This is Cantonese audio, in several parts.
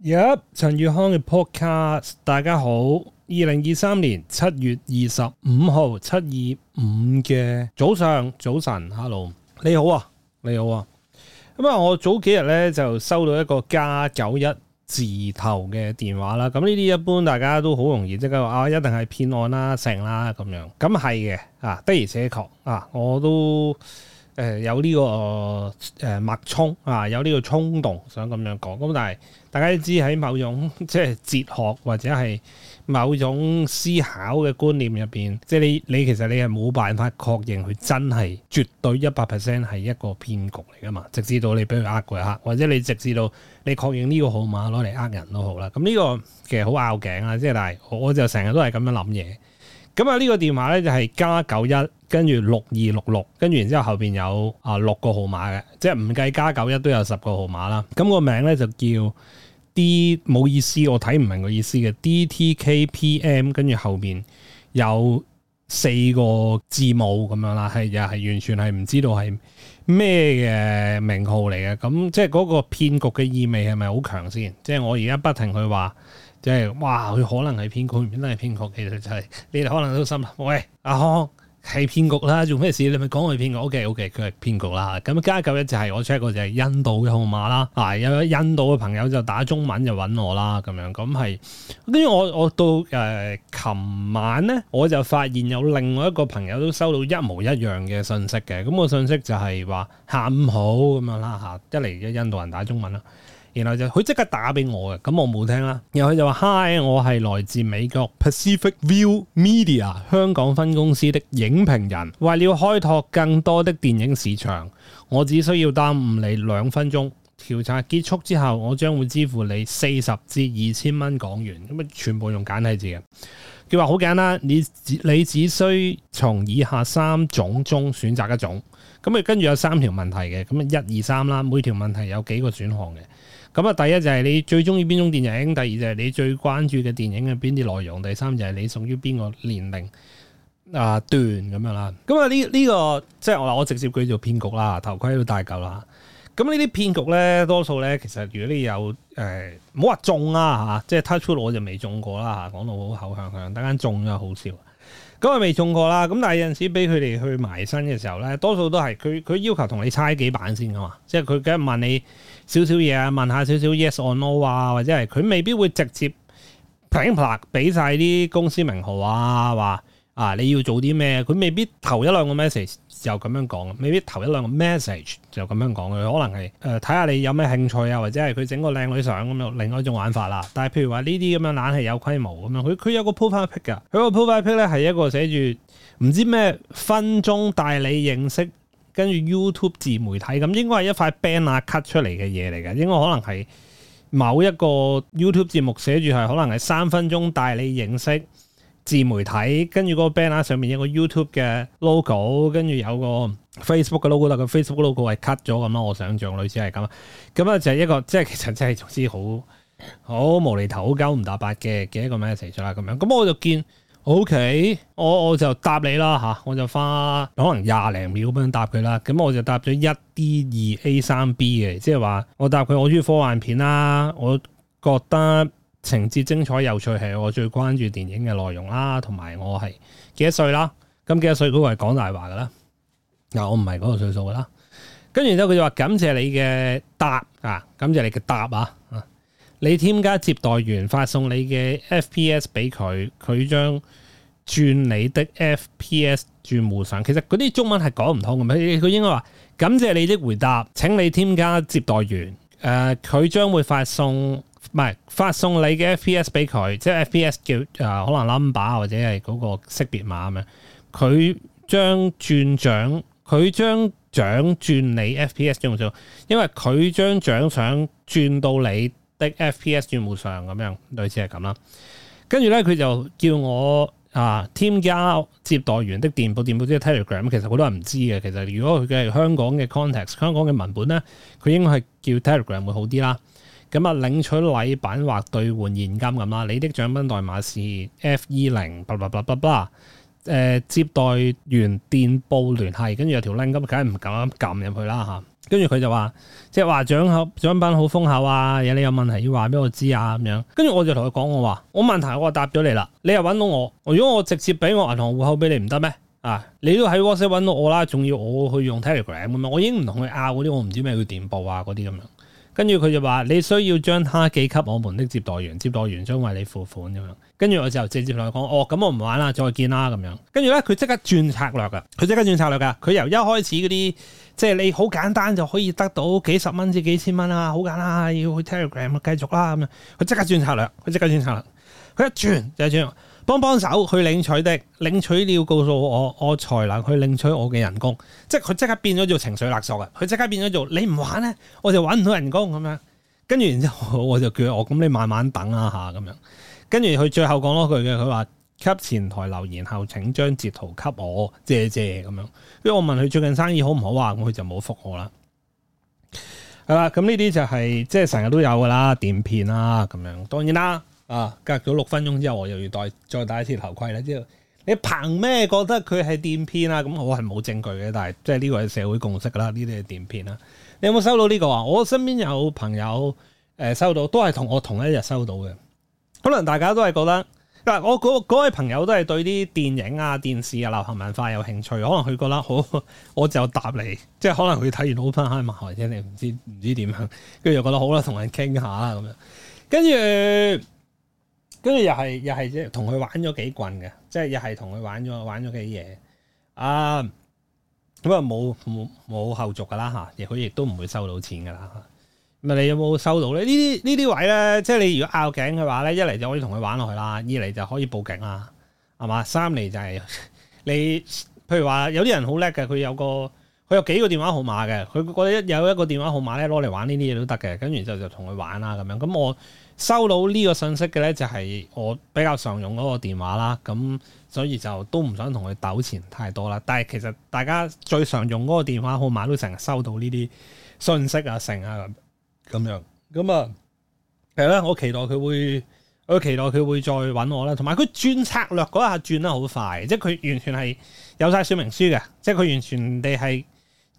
入陳宇康嘅 podcast，大家好，二零二三年七月二十五號七二五嘅早上早晨，hello，你好啊，你好啊，咁、嗯、啊，我早幾日呢，就收到一個加九一字頭嘅電話啦，咁呢啲一般大家都好容易即係話啊，一定係騙案啦、成啦咁樣，咁係嘅啊，的而且確啊，我都。誒、呃、有呢、這個誒脈衝啊，有呢個衝動想咁樣講，咁但係大家都知喺某種即係哲學或者係某種思考嘅觀念入邊，即係你你其實你係冇辦法確認佢真係絕對一百 percent 係一個騙局嚟噶嘛，直至到你俾佢呃過客，或者你直至到你確認呢個號碼攞嚟呃人都好啦，咁、嗯、呢、這個其實好拗頸啊！即係但係我我就成日都係咁樣諗嘢。咁啊，呢個電話咧就係加九一，跟住六二六六，跟住然之後後邊有啊六個號碼嘅，即係唔計加九一都有十個號碼啦。咁個名咧就叫 D，冇意思，我睇唔明個意思嘅 D T K P M，跟住後邊有四個字母咁樣啦，係又係完全係唔知道係咩嘅名號嚟嘅。咁即係嗰個騙局嘅意味係咪好強先？即係我而家不停去話。即係哇！佢可能係騙局，唔單係騙局，其實就係、是、你哋可能都心啦。喂，阿、啊、康係騙局啦，做咩事？你咪講佢騙局。OK，OK，佢係騙局啦。咁、嗯、加嚿嘢就係、是、我 check 過就係印度嘅號碼啦。啊，有印度嘅朋友就打中文就揾我啦，咁樣咁係。跟住我我到誒琴、呃、晚咧，我就發現有另外一個朋友都收到一模一樣嘅信息嘅。咁、嗯，那個信息就係話午好咁樣啦嚇，一嚟嘅印度人打中文啦。啊然後就佢即刻打俾我嘅，咁我冇聽啦。然後佢就話：Hi，我係來自美國 Pacific View Media 香港分公司的影評人，為了開拓更多的電影市場，我只需要耽誤你兩分鐘。調查結束之後，我將會支付你四十至二千蚊港元。咁啊，全部用簡體字嘅。佢話好簡單，你只你只需從以下三種中選擇一種，咁啊跟住有三條問題嘅，咁啊一二三啦，每條問題有幾個選項嘅，咁啊第一就係你最中意邊種電影，第二就係你最關注嘅電影嘅邊啲內容，第三就係你屬於邊個年齡啊段咁樣啦，咁啊呢呢個即係我我直接叫做騙局啦，頭盔都戴夠啦。咁呢啲騙局咧，多數咧其實，如果你有誒，唔好話中啦、啊，嚇、啊，即係 TouchTool 我就未中過啦嚇。講、啊、到好口向向，等間中咗好笑。咁、啊、我未中過啦，咁但係有陣時俾佢哋去埋身嘅時候咧，多數都係佢佢要求同你猜幾版先噶嘛，即係佢梗係問你少少嘢啊，問下少少 Yes or No 啊，或者係佢未必會直接 platform 俾曬啲公司名號啊話。啊！你要做啲咩？佢未必頭一兩個 message 就咁樣講，未必頭一兩個 message 就咁樣講嘅。佢可能係誒睇下你有咩興趣啊，或者係佢整個靚女相咁樣，另外一種玩法啦。但係譬如話呢啲咁樣懶係有規模咁樣，佢佢有個 profile pic 嘅，佢個 profile pic 咧係一個寫住唔知咩分鐘帶你認識，跟住 YouTube 自媒體咁，應該係一塊 banner cut 出嚟嘅嘢嚟嘅，應該可能係某一個 YouTube 節目寫住係可能係三分鐘帶你認識。自媒體跟住個 banner 上面有個 YouTube 嘅 logo，跟住有個 Facebook 嘅 logo，但個 Facebook logo 係 cut 咗咁樣。我想象類似係咁，咁啊就係一個即係其實真係總之好好無厘頭、好九唔搭八嘅嘅一個 message 啦咁樣。咁 我就見 OK，我我就答你啦吓，我就花可能廿零秒咁樣答佢啦。咁我就答咗一 D 二 A 三 B 嘅，即係話我答佢我中意科幻片啦，我覺得。情節精彩有趣係我最關注電影嘅內容、啊、啦，同埋我係幾多歲啦？咁幾多歲？嗰個係講大話噶啦？嗱，我唔係嗰個歲數噶啦。跟住之後佢就話感謝你嘅答啊，感謝你嘅答啊。你添加接待員發送你嘅 FPS 俾佢，佢將轉你的 FPS 轉戶上。」其實嗰啲中文係講唔通嘅咩？佢應該話感謝你的回答，請你添加接待員。誒、呃，佢將會發送。唔係發送你嘅 FPS 俾佢，即係 FPS 叫啊，可能 number 或者係嗰個識別碼咁樣。佢將轉獎，佢將獎轉你 FPS 賬戶，因為佢將獎想轉到你的 FPS 賬戶上咁樣，類似係咁啦。跟住咧，佢就叫我啊，添加接待員的電報，電報即係 Telegram。其實好多人唔知嘅，其實如果佢嘅係香港嘅 context，香港嘅文本咧，佢應該係叫 Telegram 會好啲啦。咁啊，領取禮品或兌換現金咁啦，你的獎品代碼是 F 二零，巴拉巴拉巴拉。誒，接待員電報聯繫，跟住有條 link，咁梗係唔敢咁撳入去啦嚇。跟住佢就話，即係話獎好獎品好豐厚啊！有你有問題要話俾我知啊咁樣。跟住我就同佢講，我話我問題我答咗你啦，你又揾到我。如果我直接俾我銀行戶口俾你唔得咩？啊，你都喺 WhatsApp 揾到我啦，仲要我去用 Telegram 咁樣？我已經唔同佢拗嗰啲，我唔知咩叫電報啊嗰啲咁樣。跟住佢就話你需要將卡寄給我們的接待員，接待員將為你付款咁樣。跟住我就直接同佢講，哦咁我唔玩啦，再見啦咁樣。跟住呢，佢即刻轉策略噶，佢即刻轉策略噶。佢由一開始嗰啲即係你好簡單就可以得到幾十蚊至幾千蚊、啊、啦，好簡單要去 Telegram 繼續啦咁樣。佢即刻轉策略，佢即刻轉策略，佢一轉就一轉。轉轉幫幫手去領取的，領取了告訴我，我才能去領取我嘅人工。即係佢即刻變咗做情緒勒索啊！佢即刻變咗做，你唔玩咧，我就搵唔到人工咁樣。跟住然之後，我就叫我，咁你慢慢等啊下咁樣。跟住佢最後講多句嘅，佢話給前台留言後請將截圖給我，謝謝咁樣。跟住我問佢最近生意好唔好啊？咁佢就冇覆我啦。係啦，咁呢啲就係即係成日都有噶啦，電騙啦咁樣，當然啦。啊，隔咗六分鐘之後，我又要戴再戴一次頭盔啦。之後你憑咩覺得佢係電騙啊？咁、嗯、我係冇證據嘅，但係即係呢個係社會共識啦。呢啲係電騙啦、啊。你有冇收到呢個啊？我身邊有朋友誒、呃、收到，都係同我同一日收到嘅。可能大家都係覺得嗱，我嗰位朋友都係對啲電影啊、電視啊、流行文化有興趣，可能佢覺得好，我就答你，即係可能佢睇完好翻，喺度埋埋聽你，唔知唔知點樣，跟住又覺得好啦，同人傾下咁樣，跟住。跟住又係又係即係同佢玩咗幾棍嘅，即係又係同佢玩咗玩咗幾嘢啊！咁啊冇冇冇後續噶啦吓，亦佢亦都唔會收到錢噶啦。咁啊，你有冇收到咧？呢啲呢啲位咧，即係你如果拗頸嘅話咧，一嚟就可以同佢玩落去啦，二嚟就可以報警啦，係嘛？三嚟就係、是、你，譬如話有啲人好叻嘅，佢有個。佢有幾個電話號碼嘅，佢覺得一有一個電話號碼咧攞嚟玩呢啲嘢都得嘅，就跟住之後就同佢玩啦咁樣。咁我收到呢個信息嘅咧，就係我比較常用嗰個電話啦。咁所以就都唔想同佢糾纏太多啦。但係其實大家最常用嗰個電話號碼都成日收到呢啲信息啊，成啊咁樣。咁啊係啦，我期待佢會，我期待佢會再搵我啦。同埋佢轉策略嗰下轉得好快，即係佢完全係有晒說明書嘅，即係佢完全地係。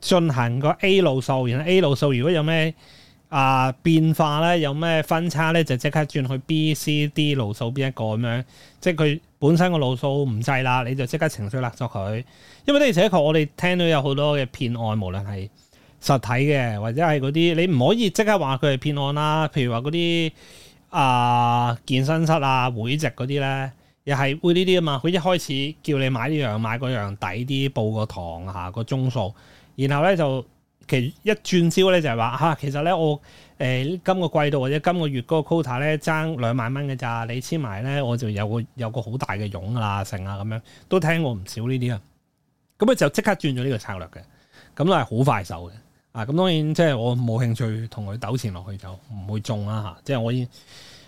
進行個 A 路數，然後 A 路數如果有咩啊、呃、變化咧，有咩分岔咧，就即刻轉去 B、C、D 路數邊一個咁樣。即係佢本身個路數唔制啦，你就即刻情緒勒索佢。因為的而且確，我哋聽到有好多嘅騙案，無論係實體嘅，或者係嗰啲，你唔可以即刻話佢係騙案啦。譬如話嗰啲啊健身室啊會籍嗰啲咧，又係會呢啲啊嘛。佢一開始叫你買呢樣買嗰樣抵啲報個堂下、啊那個鐘數。然後咧就其一轉招咧就係話吓，其實咧、啊、我誒今、呃這個季度或者今個月嗰個 quota 咧爭兩萬蚊嘅咋，你簽埋咧我就有個有個好大嘅佣啊成啊咁樣，都聽過唔少呢啲啊。咁、嗯、啊就即刻轉咗呢個策略嘅，咁、嗯、都係好快手嘅啊。咁、嗯、當然即係我冇興趣同佢糾纏落去就唔會中啦、啊、吓。即係我已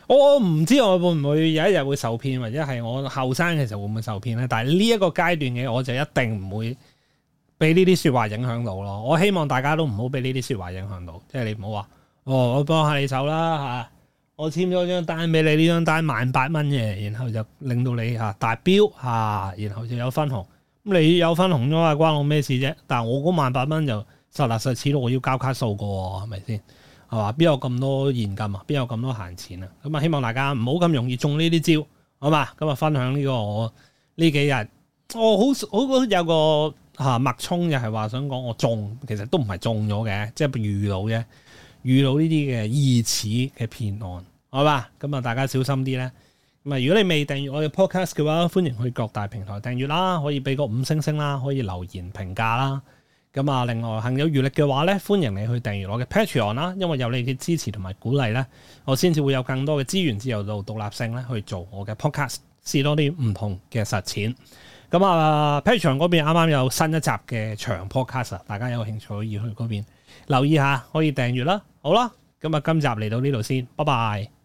我唔知我會唔會有一日會受騙，或者係我後生其實會唔會受騙咧？但係呢一個階段嘅我就一定唔會，俾呢啲説話影響到咯，我希望大家都唔好俾呢啲説話影響到，即係你唔好話哦，我幫下你手啦嚇，我簽咗張單俾你，呢張單萬八蚊嘅，然後就令到你嚇達標嚇、啊，然後就有分紅。咁你有分紅咗啊，關我咩事啫？但係我嗰萬八蚊就實在實實似，我要交卡數嘅喎，係咪先係嘛？邊有咁多現金啊？邊有咁多閒錢啊？咁啊，希望大家唔好咁容易中呢啲招，好嘛？咁啊，分享呢、呢個我呢幾日，我、哦、好好，好有個。嚇，麥聰又係話想講，我中其實都唔係中咗嘅，即係遇到嘅、遇到呢啲嘅疑似嘅騙案，好嘛？咁啊，大家小心啲咧。咁啊，如果你未訂閱我嘅 podcast 嘅話，歡迎去各大平台訂閱啦，可以俾個五星星啦，可以留言評價啦。咁啊，另外幸有餘力嘅話咧，歡迎你去訂閱我嘅 Patreon 啦，因為有你嘅支持同埋鼓勵咧，我先至會有更多嘅資源，自由度獨立性咧去做我嘅 podcast，試多啲唔同嘅實踐。咁啊，Patreon 場嗰邊啱啱有新一集嘅長 podcast，大家有興趣可以去嗰邊留意下，可以訂閱啦，好啦，咁啊，今集嚟到呢度先，拜拜。